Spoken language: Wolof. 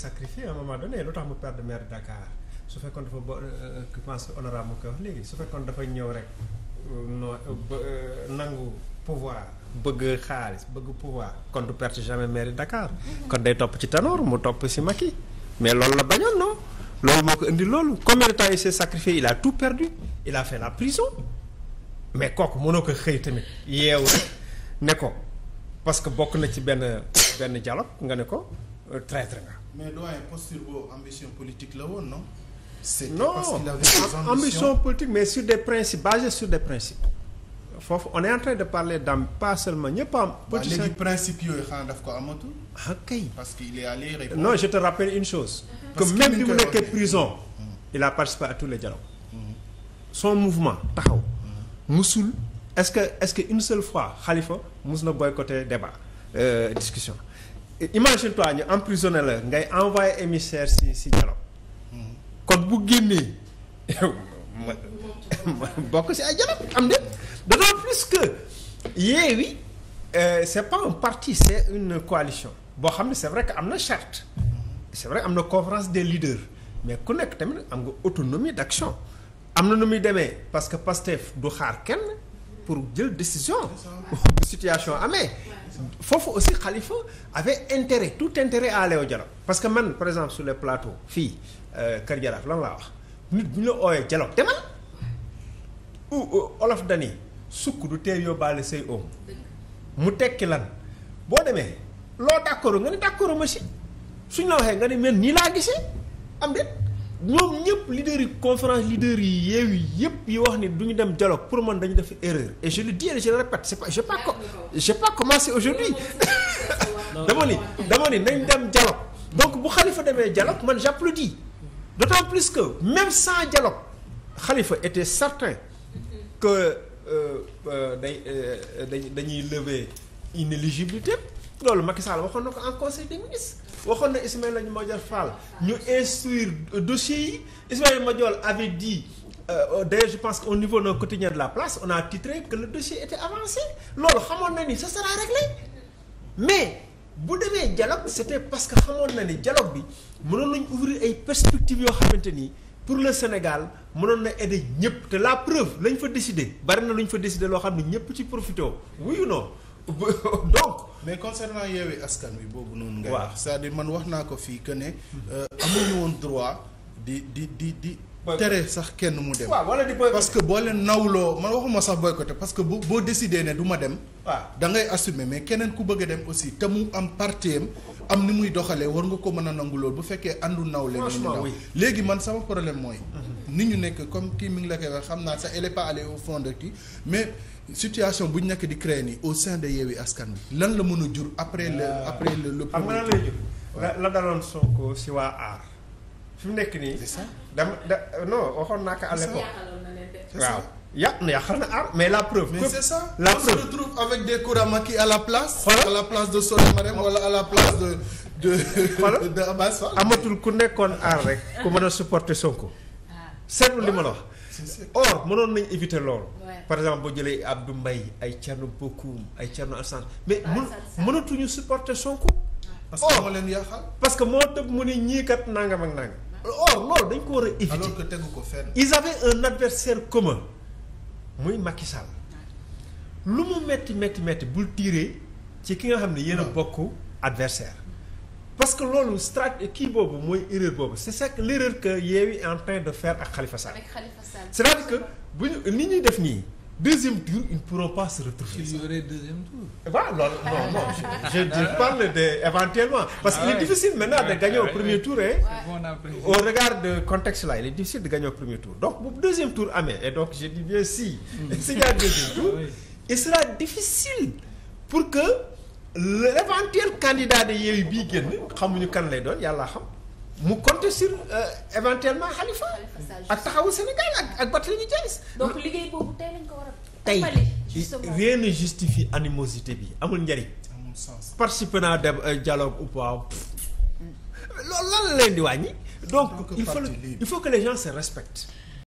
sacrifié à un moment lu tax mu perdre maire Dakar su fekkoon dafa bo je euh, pense que mu koy wax léegi su fekkoon dafa ñëw rek euh, euh, nangu pouvoir bëgg xaalis bëgg pouvoir kon du perte jamais mais Dakar mm-hmm. kon day topp ci Tanor mu topp si Macky mais loolu la bañoon loolu moo ko indi loolu combien de temps tout perdu il a fait la prison mais kooku mënoo ko xëy tamit yeewu rek ne ko parce que bokk na ci benn benn dialogue nga ne ko traître nga mais doyen posture boobu ambition la woon non. c'était parce qu'il avait des ambition politique mais sur des principes basés sur des principes. foofu on est en train de parler d'am pas seulement ñëpp am. politicien léegi principe yooyu xanaa daf ko amatul. ok ah, parce qu'il est allé répondre. non je te rappelle une chose. parce que même bi mu nekkee prison. Mm-hmm. il a participé à tous les dialogues. Mm-hmm. son mouvement taxaw. Mm-hmm. musul est-ce que est-ce que une seule fois Khalifa mus na boycotter débat euh, discussion. imagine toi ñu emprisonné la ngay envoyé émissaire si si dialogue mm-hmm. kon bu génnee bokk si ay dialogue am de d'autant plus que Yewwi euh, c'est pas un parti c'est une coalition boo xam ne c'est vrai que am na charte mm-hmm. c'est vrai am na conférence des leaders mais ku nekk tamit am nga autonomie d'action am na nu muy demee parce que Pastef du xaar kenn pour jël décision bu situation amee foofu aussi xalifa avait intérêt tout intérêt à Léo Dialogue parce que man par exemple sur les plateaux fii euh, Kër Jaraaf lan laa wax nit bu ñu la ooyee dialogue demal olof dani sukk du tee yóbbaale say oom mu tekki lan boo demee loo d'accord nga ni d'accord ma si suñ la waxee nga ni man nii laa gisee am déet ñoom ñëpp leader yi conférence leader yi yeew yi yëpp yi wax ni duñu dem dialogue pour man dañu def erreur et je le dis et je le répète c'est pas j'ai commencé aujourd'hui dama ni dama ni nañ dem dialogue donc bu Khalifa demee dialogue man j'applaudis d'autant plus que même sans dialogue Khalifa était certain que euh, euh, day euh, dañuy lever inéligibilité loolu Macky Sall waxoon na ko en conseil des ministres waxoon na Ismaïla Madior Fall ñu instruire dossier yi Ismaïla Madior avait dit euh, euh, d'ailleurs je pense qu'au niveau na nos quotidiens de la place on a titré que le dossier était avancé loolu xamoon na ni ce sera réglé mais bu demee dialogue c'était parce que xamoon na ni dialogue bi mënoon nañ ouvrir ay perspectives yoo xamante nii pour le Sénégal mënoon na aider ñëpp te la preuve lañ fa décider bari na lu ñu fa décider loo xam ne ñëpp ci profité wuyu non donc. mais concernant Yewwi Askan Wi boobu noonu. ngay wax cest à man wax naa ko fii que ne. Euh, amuñu woon droit di di di di. tere sax kenn mu dem. wala di parce que boo leen nawloo man waxuma sax boycotté parce que bu boo décidé ne du dem. waaw da ngay mais keneen ku bëgg dem aussi te mu am parteem am ni muy doxalee war nga ko mën a nangu lool bu fekkee àndu nawle. franchement oui léegi man sama problème mooy. Mhm. ni ñu nekk comme kii mi ngi la koy wax xam naa sa elle est pas au fond de kii mais situation bu ñu nekk di créer nii au sein de Yewwi Askan Wi lan la mën a jur après le euh, après le. le problème la daloon Sonko si waa aar. fi mu nekk nii. dama da non waxoon naa ko à waaw yàq na yàqal na aar mais la preuve. mais c'est ça la preuve on à la place. à la place de Soleil Marème wala à la place de de de, de Abbas Fall. amatul ku nekkoon aar rek. ku mën a supporter Sonko. Ah. seetlu li ma la wax. or mënoon nañ éviter loolu. par exemple boo jëlee Abdou mbay ay Thierno Bocoum ay Thierno Assane mais mën mënatuñu supporter Sonko. parce que moo leen yàqal. parce que moo tëb mu ni ñii kat nangam ak nangam. or loolu dañ ko war a éviter alors que tegu ko fenn. ils avaient un adversaire commun muy Macky Sall lu mu metti metti metti bul tirer ci ki nga xam ne yéen a bokk adversaire parce que loolu strat kii boobu mooy erreur boobu c'est ça que l'erreur que en train de faire ak Khalifa Sall. avec Khalifa bu ñu li ñuy def nii. deuxième tour ils ne pourront pas se retrouver. il y aurait deuxième tour. waaw eh loolu non non ah, je, je, je ah. parle de éventuellement. parce qu'il ah ouais. est difficile maintenant ah de gagner premier tour. Hein, au regard de contexte là il est difficile de gagner premier tour donc bu deuxième tour amee et donc je dis bien si. Hmm. s'il a deuxième tour il sera difficile pour que l'éventuel candidat de Yewwi bii génn xamuñu kan lay doon yàlla xam. mu compter sur euh, éventuellement Khalifa. ak taxawu Sénégal ak ak Barthélémy Dias. donc liggéey boobu tey lañ ko war a. tey rien ne justifie animosité bi amul njariñ. amul sens participer naa dem euh, dialogue ou pas. loolu la leen di wàññi. donc il faut il faut que les gens